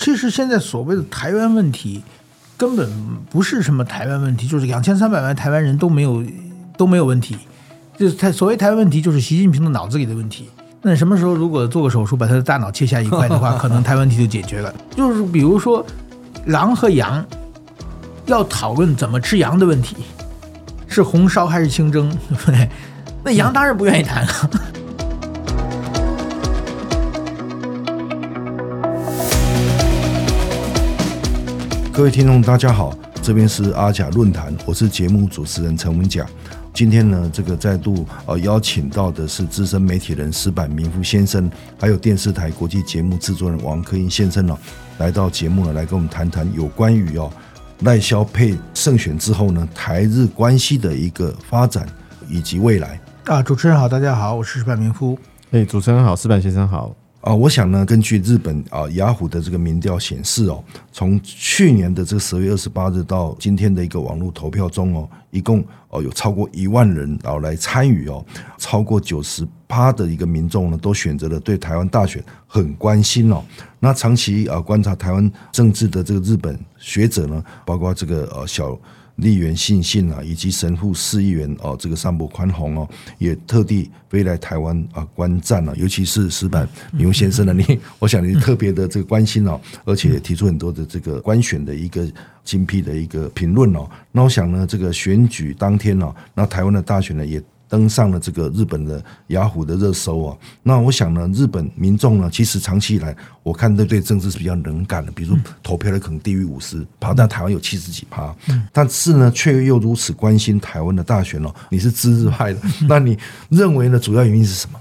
其實現在所謂的台灣問題，根本不是什麼台灣問題，就是兩千三百萬台灣人都沒有都沒有問題。就台所謂台灣問題，就是習近平的腦子裡的問題。那什麼時候如果做個手術，把他的大腦切下一塊的話，可能台灣問題就解決了。 就是比如說，狼和羊要討論怎麼吃羊的問題，是紅燒還是清蒸，對不對？那羊當然不願意談了。嗯 各位聽眾，大家好，這邊是阿甲論壇，我是節目主持人陳文甲。今天呢，這個再度呃邀請到的是資深媒體人矢板明夫先生，還有電視台國際節目制作人王克殷先生呢、哦。來到節目呢，來跟我們談談有關於哦賴蕭配勝選之後呢，台日關係的一個發展以及未來。啊，主持人好，大家好，我是矢板明夫。哎，主持人好，矢板先生好。啊，我想呢，根據日本啊雅虎的這個民調顯示哦，從去年的這個十月二十八日到今天的一個網絡投票中哦，一共哦有超過一萬人哦來參與哦，超過九十趴的一個民眾呢都選擇了對台灣大選很關心哦。那長期啊觀察台灣政治的這個日本學者呢，包括這個呃小。立院信信啊，以及神戶市議員哦，這個上畠寬弘哦，也特地飛來台灣啊觀戰了、啊。尤其是矢板明夫先生呢、啊嗯嗯、你，我想你特別的這個關心哦、啊，嗯、而且也提出很多的這個觀選的一個精闢的一個評論哦。那我想呢，這個選舉當天呢、啊，那台灣的大選呢也。登上了這個日本的雅虎、ah、的熱搜啊！那我想呢，日本民眾呢，其實長期以來，我看這對政治是比較冷感的，比如說投票的可能低於五十趴，但台灣有七十幾趴，但是呢，卻又如此關心台灣的大選哦。你是知日派的，那你認為呢？主要原因是什麼？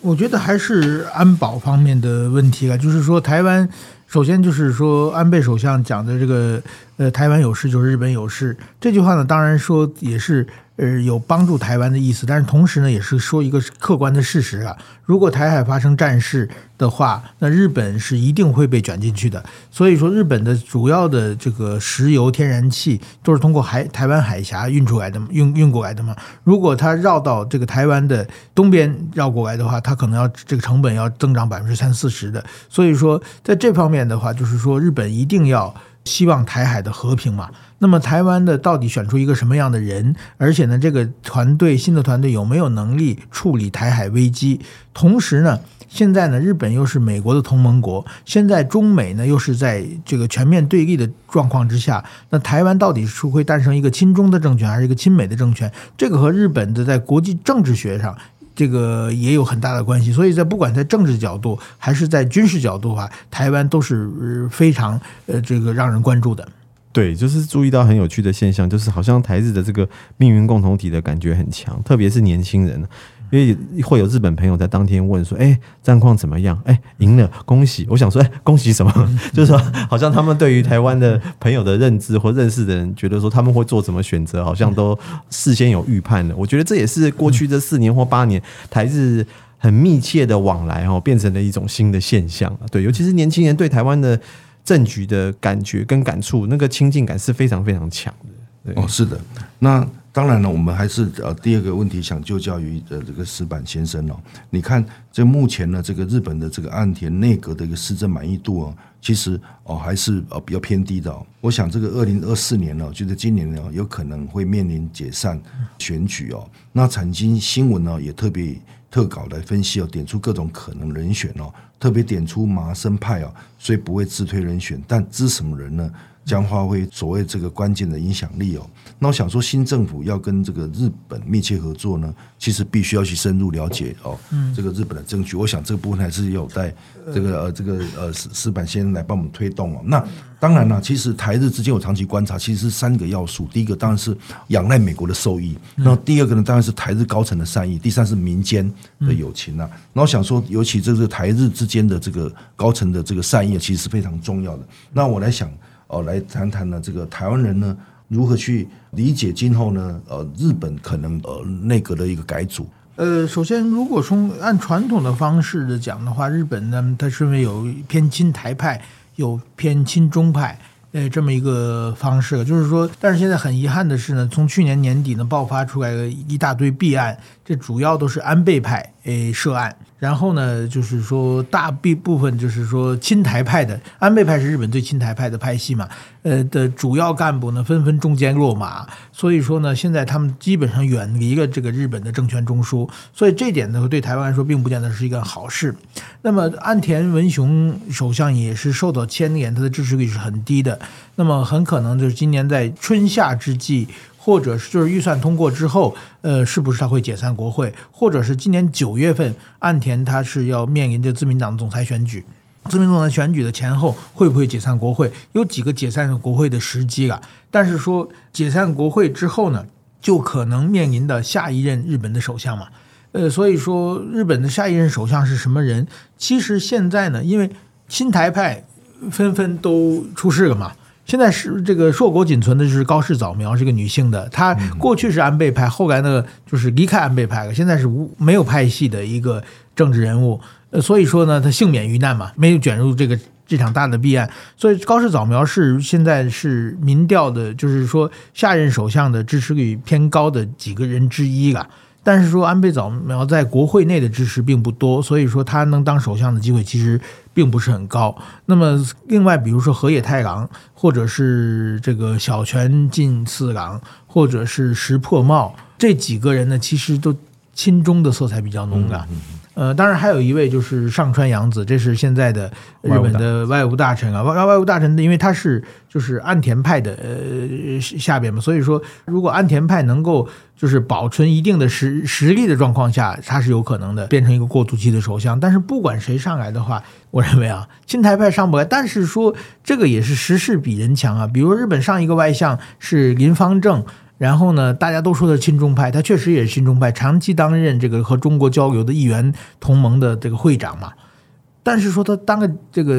我覺得還是安保方面的問題了、啊。就是說，台灣首先就是說，安倍首相講的這個“呃，台灣有事就是日本有事”這句話呢，當然說也是。呃，有幫助台灣的意思，但是同時呢，也是說一個客觀的事實啊。如果台海發生戰事的話，那日本是一定會被捲進去的。所以說，日本的主要的這個石油、天然氣都是通過海、台灣海峽運出來的，運運過來的嘛。如果它繞到這個台灣的東邊繞過來的話，它可能要這個成本要增長百分之三四十的。所以說，在這方面的話，就是說日本一定要。希望台海的和平嘛，那麼台灣的到底選出一個什麼樣的人？而且呢，這個團隊，新的團隊有沒有能力處理台海危機？同時呢，現在呢，日本又是美國的同盟國，現在中美呢，又是在這個全面對立的狀況之下，那台灣到底是會誕生一個親中的政權，還是一個親美的政權？這個和日本的在國際政治學上。這個也有很大的關係，所以在不管在政治角度還是在軍事角度啊，台灣都是非常呃這個讓人關注的。對，就是注意到很有趣的現象，就是好像台日的這個命運共同體的感覺很強，特別是年輕人。因為會有日本朋友在當天問說：“哎、欸，戰況怎麼樣？哎、欸，贏了，恭喜！”我想說：“哎、欸，恭喜什麼？ 就是說，好像他們對於台灣的朋友的認知或認識的人，覺得說他們會做什麼選擇，好像都事先有預判了。我覺得這也是過去這四年或八年，台日很密切的往來哦、喔，變成了一種新的現象。對，尤其是年輕人對台灣的政局的感覺跟感觸，那個親近感是非常非常強的。對，哦，是的，那。”當然了，我們還是呃第二個問題想就教於呃這個矢板先生哦。你看在目前呢，這個日本的這個岸田內閣的一個施政滿意度啊，其實哦還是呃比較偏低的。我想這個二零二四年呢，就是今年呢，有可能會面臨解散選舉哦。那產經新聞呢也特別特稿來分析哦，點出各種可能人選哦。特別點出麻生派、哦、所以不會自推人選，但知什麼人呢？將發揮所謂這個關鍵的影響力哦。那我想說，新政府要跟這個日本密切合作呢，其實必須要去深入了解哦。嗯。這個日本的政局我想這個部分還是有待這個呃這個呃矢板先生來幫我們推動哦。那當然了、啊，其實台日之間我長期觀察，其實是三個要素。第一個當然是仰賴美國的受益，那、嗯、第二個呢當然是台日高層的善意，第三是民間的友情啊。那、嗯、我想說，尤其這個台日之。間的這個高層的這個善意其實是非常重要的。那我來想哦、呃，來談談呢，這個台灣人呢，如何去理解今後呢？呃，日本可能呃內閣的一個改組。呃，首先如果從按傳統的方式的講的話，日本呢，它是為有偏親台派，有偏親中派呃，這麼一個方式。就是說，但是現在很遺憾的是呢，從去年年底呢爆發出來的一大堆弊案，這主要都是安倍派。誒，涉案，然後呢，就是說大部部分就是說親台派的，安倍派是日本最親台派的派系嘛，呃的主要幹部呢紛紛中箭落馬，所以說呢，現在他們基本上遠離了這個日本的政權中樞，所以這點呢對台灣來說並不見得是一個好事。那麼岸田文雄首相也是受到牽連，他的支持率是很低的，那麼很可能就是今年在春夏之際。或者是就是預算通過之後，呃，是不是他會解散國會？或者是今年九月份，岸田他是要面臨着自民黨總裁選舉，自民總裁選舉的前後會不會解散國會？有幾個解散國會的時機了啊？但是說解散國會之後呢，就可能面臨的下一任日本的首相嘛。呃，所以說日本的下一任首相是什麼人？其實現在呢，因為親台派紛，紛紛都出事了嘛。現在是這個碩果僅存的就是高市早苗，是個女性的。她過去是安倍派，後來呢就是離開安倍派了，現在是無沒有派系的一個政治人物。呃，所以說呢，她幸免於難嘛，沒有捲入這個這場大的弊案。所以高市早苗是現在是民調的，就是說下任首相的支持率偏高的幾個人之一了。但是說安倍早苗在國會內的支持並不多，所以說他能當首相的機會其實並不是很高。那麼另外，比如說河野太郎，或者是這個小泉進次郎，或者是石破茂這幾個人呢，其實都親中的色彩比較濃的。嗯嗯嗯嗯呃，當然還有一位就是上川陽子，這是現在的日本的外務大臣啊。外外務大臣的，臣因為他是就是岸田派的呃下邊嘛，所以說如果岸田派能夠就是保存一定的實實力的狀況下，他是有可能的變成一個過渡期的首相。但是不管誰上來的話，我認為啊，親台派上不來。但是說這個也是時勢比人強啊。比如日本上一個外相是林芳正。然後呢，大家都說他親中派，他確實也是親中派，長期擔任這個和中國交流的議員同盟的這個會長嘛。但是說他當了這個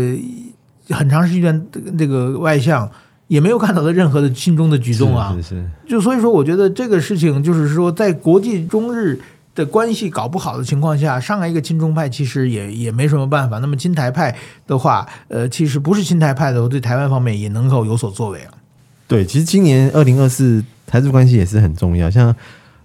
很長時間這個外相，也沒有看到他任何的親中的舉動啊。是是是就所以說，我覺得這個事情就是說，在國際中日的關係搞不好的情況下，上來一個親中派，其實也也沒什麼辦法。那麼親台派的話，呃，其實不是親台派的，我對台灣方面也能夠有所作為啊。對，其實今年二零二四。台日關係也是很重要，像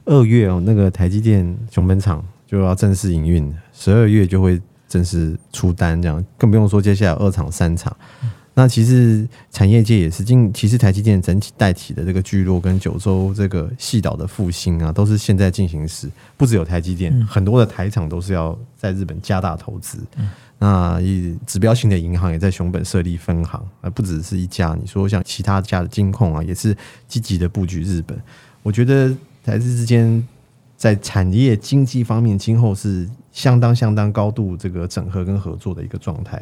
二月哦、喔，那個台積電熊本廠就要正式營運，十二月就會正式出單，這樣更不用說接下來二廠三廠。嗯那其實產業界也是經其實台積電整體帶起的這個聚落跟九州這個細島的復興啊，都是現在進行時。不只有台積電，嗯、很多的台廠都是要在日本加大投資。嗯、那以指標性的銀行也在熊本設立分行，而不只是一家。你說像其他家的金控啊，也是積極的布局日本。我覺得台日之間在產業經濟方面，今後是相當相當高度這個整合跟合作的一個狀態。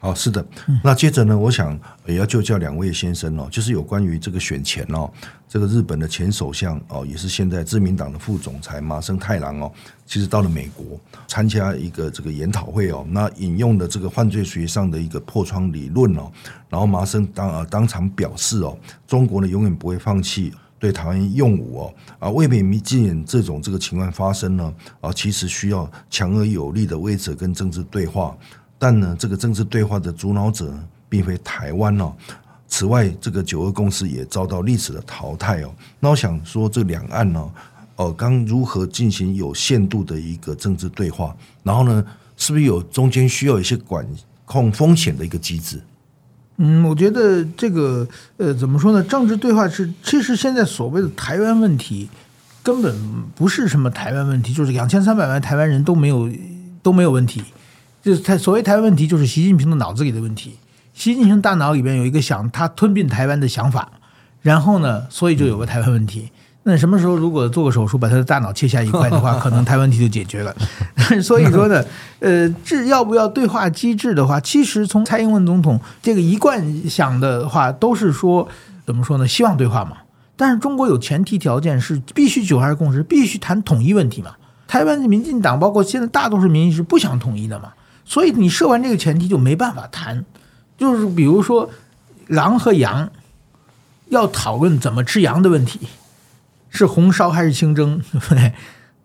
哦，是的，嗯、那接着呢，我想也要就教兩位先生哦，就是有關於這個選前哦，這個日本的前首相哦，也是現在自民黨的副總裁麻生太郎哦，其實到了美國參加一個這個研討會哦，那引用了這個犯罪學上的一個破窗理論哦，然後麻生當啊、呃、當場表示哦，中國呢永遠不會放棄對台灣用武哦，啊，避免避免這種這個情況發生呢，啊，其實需要強而有力的位置跟政治對話。但呢，這個政治對話的主導者並非台灣哦。此外，這個九二共識也遭到歷史的淘汰哦。那我想說，這兩岸呢、哦，呃，剛如何進行有限度的一個政治對話？然後呢，是不是有中間需要一些管控風險的一個機制？嗯，我覺得這個，呃，怎麼說呢？政治對話是，其實現在所謂的台灣問題根本不是什麼台灣問題，就是兩千三百萬台灣人都沒有都沒有問題。就是所謂台灣問題，就是習近平的腦子裡的問題。習近平大腦裡邊有一個想他吞併台灣的想法，然後呢，所以就有個台灣問題。那什麼時候如果做個手術把他的大腦切下一塊的話，可能台灣問題就解決了。 所以說呢，呃，這要不要對話機制的話，其實從蔡英文總統這個一貫想的話，都是說，怎麼說呢？希望對話嘛。但是中國有前提條件，是必須九二共識，必須談統一問題嘛。台灣的民進黨包括現在大多數民意是不想統一的嘛。所以你設完這個前提就沒辦法談，就是比如說狼和羊要討論怎麼吃羊的問題，是紅燒還是清蒸，對不對？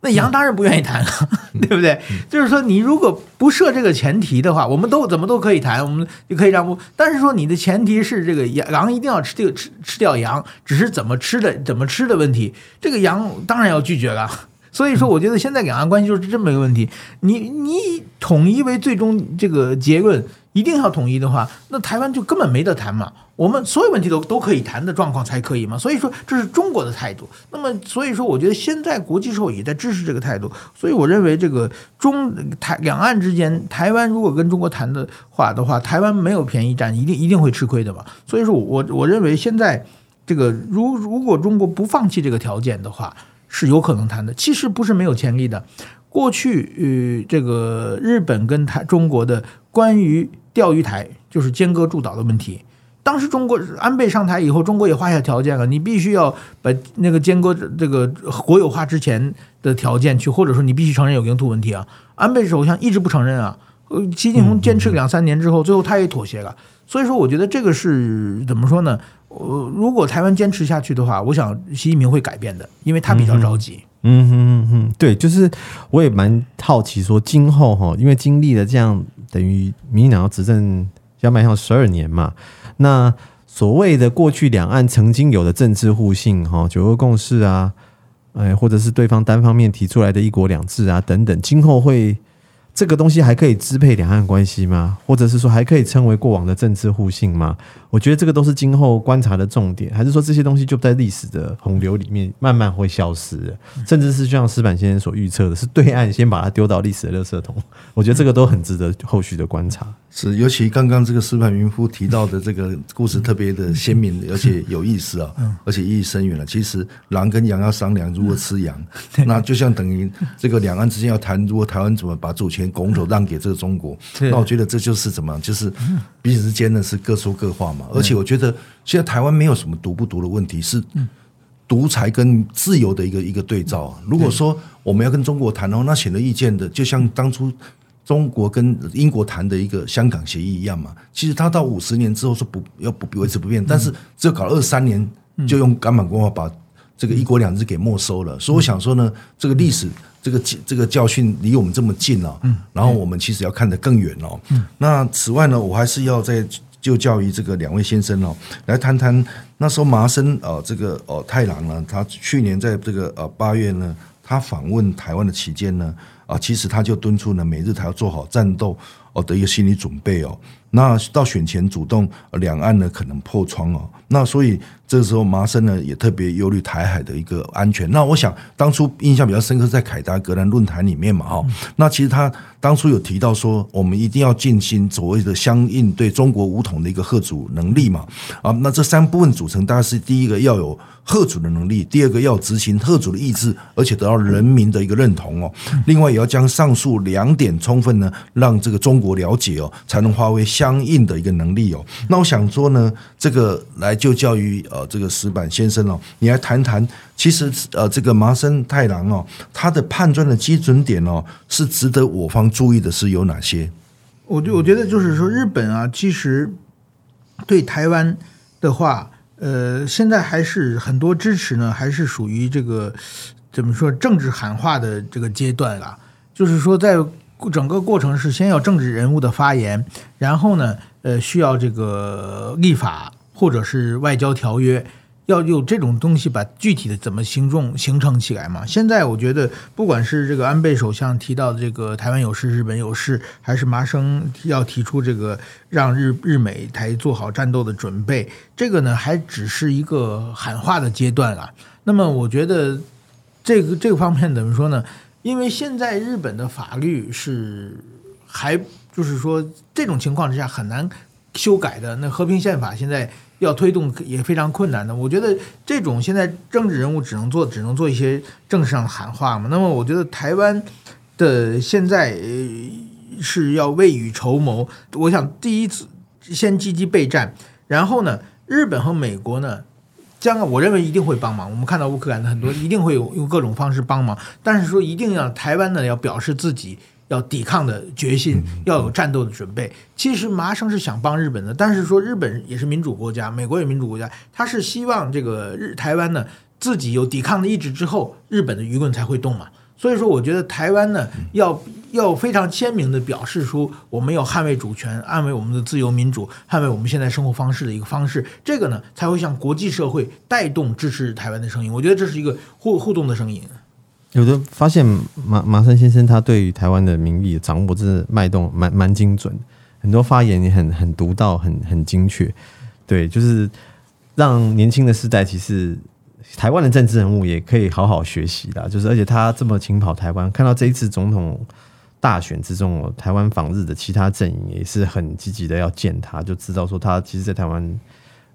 那羊當然不願意談了，對不對？就是說你如果不設這個前提的話，我們都怎麼都可以談，我們就可以讓步。但是說你的前提是這個狼一定要吃掉吃吃掉羊，只是怎麼吃的怎麼吃的問題，這個羊當然要拒絕了。所以說，我覺得現在兩岸關係就是這麼一個問題。嗯、你你以統一為最終這個結論，一定要統一的話，那台灣就根本沒得談嘛。我們所有問題都都可以談的狀況才可以嘛。所以說，這是中國的態度。那麼，所以說，我覺得現在國際社會也在支持這個態度。所以，我認為這個中台兩岸之間，台灣如果跟中國談的話的話，台灣沒有便宜佔，一定一定會吃虧的嘛。所以說我，我我認為現在這個如如果中國不放棄這個條件的話。是有可能談的，其實不是沒有前例的。過去，呃，這個日本跟台中國的關於釣魚台，就是尖閣諸島的問題，當時中國安倍上台以後，中國也畫下條件了，你必須要把那個尖閣這個國有化之前的條件去，或者說你必須承認有領土問題啊。安倍首相一直不承認啊，呃，習近平堅持兩三年之後，嗯，最後他也妥協了。所以說，我覺得這個是怎麼說呢？如果台灣堅持下去的話，我想習近平會改變的，因為他比較着急。嗯哼嗯哼嗯嗯，對，就是我也蠻好奇，說今後哈，因為經歷了這樣等於民進黨要執政要邁向十二年嘛，那所謂的過去兩岸曾經有的政治互信哈，九二共識啊、呃，或者是對方單方面提出來的一國兩制啊等等，今後會這個東西還可以支配兩岸關係嗎？或者是說還可以稱為過往的政治互信嗎？我覺得這個都是今後觀察的重點，還是說這些東西就在歷史的洪流裡面慢慢會消失，甚至是像矢板先生所預測的，是對岸先把它丟到歷史的垃圾桶。我覺得這個都很值得後續的觀察。是，尤其剛剛這個矢板明夫提到的這個故事特別的鮮明， 而且有意思啊，而且意義深遠了。其實狼跟羊要商量，如何吃羊， 對 那就像等於這個兩岸之間要談，如果台灣怎麼把主權拱手讓給這個中國，對 那我覺得這就是怎麼樣，就是。彼此之間呢，是各說各話嘛，而且我覺得現在台灣沒有什麼獨不獨的問題，是獨裁跟自由的一個一個對照啊。如果說我們要跟中國談哦，那顯而易見的，就像當初中國跟英國談的一個香港協議一樣嘛。其實它到五十年之後說不要不維持不變，但是只有搞了二三年就用港版國法把這個一國兩制給沒收了。所以我想說呢，這個歷史。這個這個教訓離我們這麼近啊、哦，嗯、然後我們其實要看得更遠哦。嗯、那此外呢，我還是要再就教於這個兩位先生哦，來談談那時候麻生啊、呃，這個哦、呃、太郎呢，他去年在這個呃八月呢，他訪問台灣的期間呢，啊、呃，其實他就敦促呢，美日台要做好戰鬥哦的、呃、一個心理準備哦。那到選前主動，兩岸呢可能破窗哦。那所以這個時候，麻生呢也特別憂慮台海的一個安全。那我想當初印象比較深刻，在凱達格蘭論壇裡面嘛，哈、嗯，那其實他。當初有提到說，我們一定要進行所謂的相應對中國武統的一個嚇阻能力嘛？啊，那這三部分組成，當然是第一個要有嚇阻的能力，第二個要執行嚇阻的意志，而且得到人民的一個認同哦。另外，也要將上述兩點充分呢，讓這個中國了解哦，才能發揮相應的一個能力哦。那我想說呢，這個來就教於呃，這個矢板先生哦，你來談談。其實呃，這個麻生太郎哦，他的判斷的基準點哦，是值得我方注意的是有哪些？我就我覺得就是說，日本啊，其實對台灣的話，呃，現在還是很多支持呢，還是屬於這個怎麼說政治喊話的這個階段了。就是說，在整個過程是先要政治人物的發言，然後呢，呃，需要這個立法或者是外交條約。要有這種東西，把具體的怎麼行動形成起來嘛？現在我覺得，不管是這個安倍首相提到的這個台灣有事、日本有事，還是麻生要提出這個讓日日美台做好戰鬥的準備，這個呢，還只是一個喊話的階段啊。那麼，我覺得這個這個方面怎麼說呢？因為現在日本的法律是還就是說這種情況之下很難修改的。那和平憲法現在。要推動也非常困難的，我覺得這種現在政治人物只能做，只能做一些政治上的喊話嘛。那麼，我覺得台灣的現在是要未雨綢繆，我想第一次先積極備戰，然後呢，日本和美國呢，將來我認為一定會幫忙。我們看到烏克蘭的很多，一定會有用各種方式幫忙，但是說一定要台灣呢，要表示自己，要抵抗的決心，要有戰鬥的準備。其實麻生是想幫日本的，但是說日本也是民主國家，美國也民主國家，他是希望這個日台灣呢自己有抵抗的意志之後，日本的輿論才會動嘛。所以說，我覺得台灣呢要要非常鮮明地表示出我們要捍衛主權，捍衛我們的自由民主，捍衛我們現在生活方式的一個方式，這個呢才會向國際社會帶動支持台灣的聲音。我覺得這是一個互互動的聲音。有的發現馬馬斯先生，他對於台灣的民意掌握真的脈動蠻蠻精準，很多發言也很很獨到，很很精確。對，就是讓年輕的世代，其實台灣的政治人物也可以好好學習的。就是，而且他這麼勤跑台灣，看到這一次總統大選之中，台灣訪日的其他陣營也是很積極的要見他，就知道說他其實，在台灣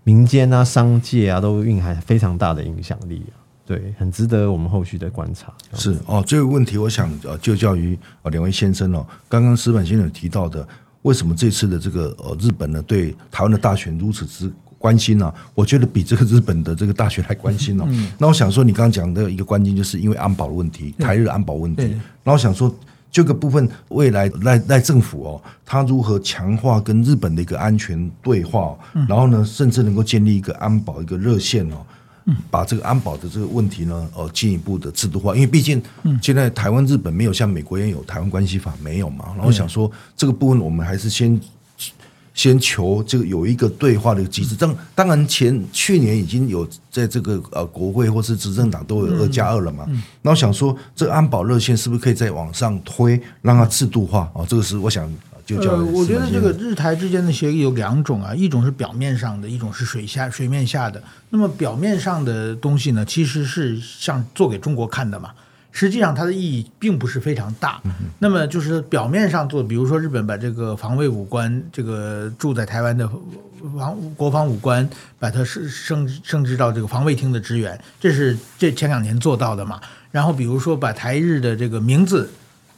民間啊、商界啊，都蘊含非常大的影響力啊。對，很值得我們後續的觀察。是哦，這個問題我想呃、哦，就教於啊、哦、兩位先生哦，剛剛矢板先生提到的，為什麼這次的這個呃日本呢，對台灣的大選如此之關心呢、啊？我覺得比這個日本的這個大選還關心哦。那、嗯、我想說，你剛剛講的一個關鍵，就是因為安保的問題，嗯、台日安保問題。那、嗯、我想說，這個部分未來賴賴，賴政府哦，他如何強化跟日本的一個安全對話？然後呢，甚至能夠建立一個安保一個熱線哦。把這個安保的這個問題呢，呃，進一步的制度化，因為畢竟現在台灣、日本沒有像美國一樣有台灣關係法，沒有嘛。然後想說，這個部分我們還是先先求這個有一個對話的機制。當、嗯、當然前去年已經有在這個呃國會或是執政黨都有二加二了嘛。那我、嗯嗯、想說，這個安保熱線是不是可以再往上推，讓它制度化？啊、哦？這個是我想。就叫呃，我覺得這個日台之間的協議有兩種啊，一種是表面上的，一種是水下、水面下的。那麼表面上的東西呢，其實是像做給中國看的嘛，實際上它的意義並不是非常大。嗯、哼那麼就是表面上做，比如說日本把這個防衛武官，這個駐在台灣的防國防武官，把他升升升職到這個防衛廳的職員，這是這前兩年做到的嘛。然後比如說把台日的這個名字，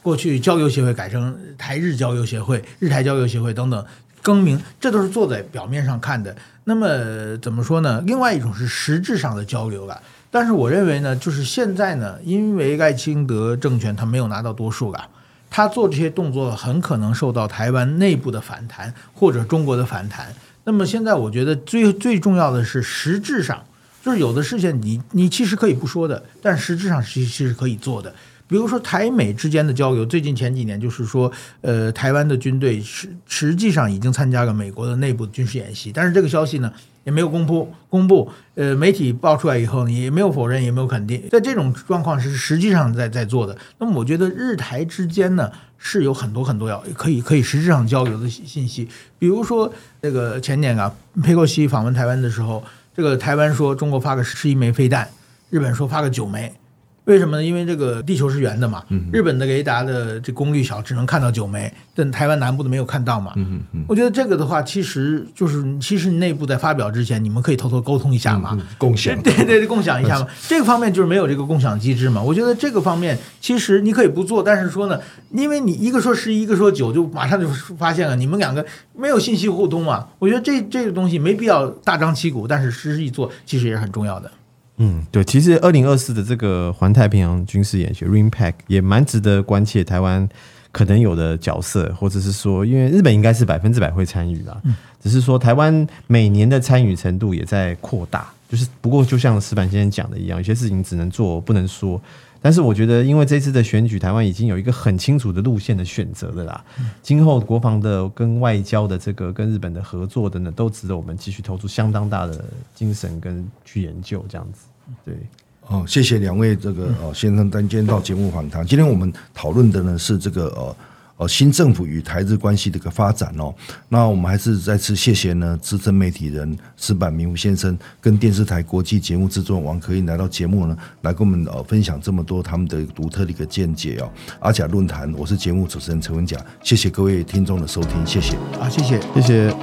過去交流協會改成台日交流協會、日台交流協會等等更名，這都是做在表面上看的。那麼怎麼說呢？另外一種是實質上的交流吧。但是我認為呢，就是現在呢，因為賴清德政權他沒有拿到多數吧，他做這些動作很可能受到台灣內部的反彈或者中國的反彈。那麼現在我覺得最最重要的是實質上，就是有的事情你你其實可以不說的，但實質上是其實是可以做的。比如說台美之間的交流，最近前幾年就是說，呃，台灣的軍隊實實際上已經參加了美國的內部軍事演習，但是這個消息呢也沒有公布公布，呃，媒體爆出來以後呢也沒有否認也沒有肯定，在這種狀況是實際上在在做的。那麼我覺得日台之間呢是有很多很多要可以可以實質上交流的信息，比如說那、這個前年啊佩洛西訪問台灣的時候，這個台灣說中國發個十一枚飛彈，日本說發個九枚。為什麼呢？因為這個地球是圓的嘛。日本的雷達的這功率小，只能看到九枚，但台灣南部的沒有看到嘛。嗯嗯、我覺得這個的話，其實就是其實你內部在發表之前，你們可以偷偷溝通一下嘛，嗯、共享對對對，共享一下嘛。呵呵這個方面就是沒有這個共享機制嘛。我覺得這個方面其實你可以不做，但是說呢，因為你一個說十，一個說九，就馬上就發現了你們兩個沒有信息互通嘛、啊。我覺得這這個東西沒必要大張旗鼓，但是實際一做其實也是很重要的。嗯，對，其實二零二四的這個環太平洋軍事演習 RIMPAC 也蠻值得關切，台灣可能有的角色，或者是說，因為日本應該是百分之百會參與啦，只是說台灣每年的參與程度也在擴大。就是不過，就像矢板先生講的一樣，有些事情只能做，不能說。但是我覺得，因為這次的選舉，台灣已經有一個很清楚的路線的選擇了啦。今後國防的跟外交的這個跟日本的合作，等等，都值得我們繼續投出相當大的精神跟去研究這樣子。對，哦，謝謝兩位這個哦、呃、先生單間到節目訪談。今天我們討論的呢是這個呃。哦，新政府與台日關係的一個發展哦，那我們還是再次謝謝呢，資深媒體人矢板明夫先生跟電視台國際節目製作人王克殷來到節目呢，來跟我們呃分享這麼多他們的獨特的一個見解哦。阿甲論壇，我是節目主持人陳文甲，謝謝各位聽眾的收聽，謝謝啊，謝謝，謝謝。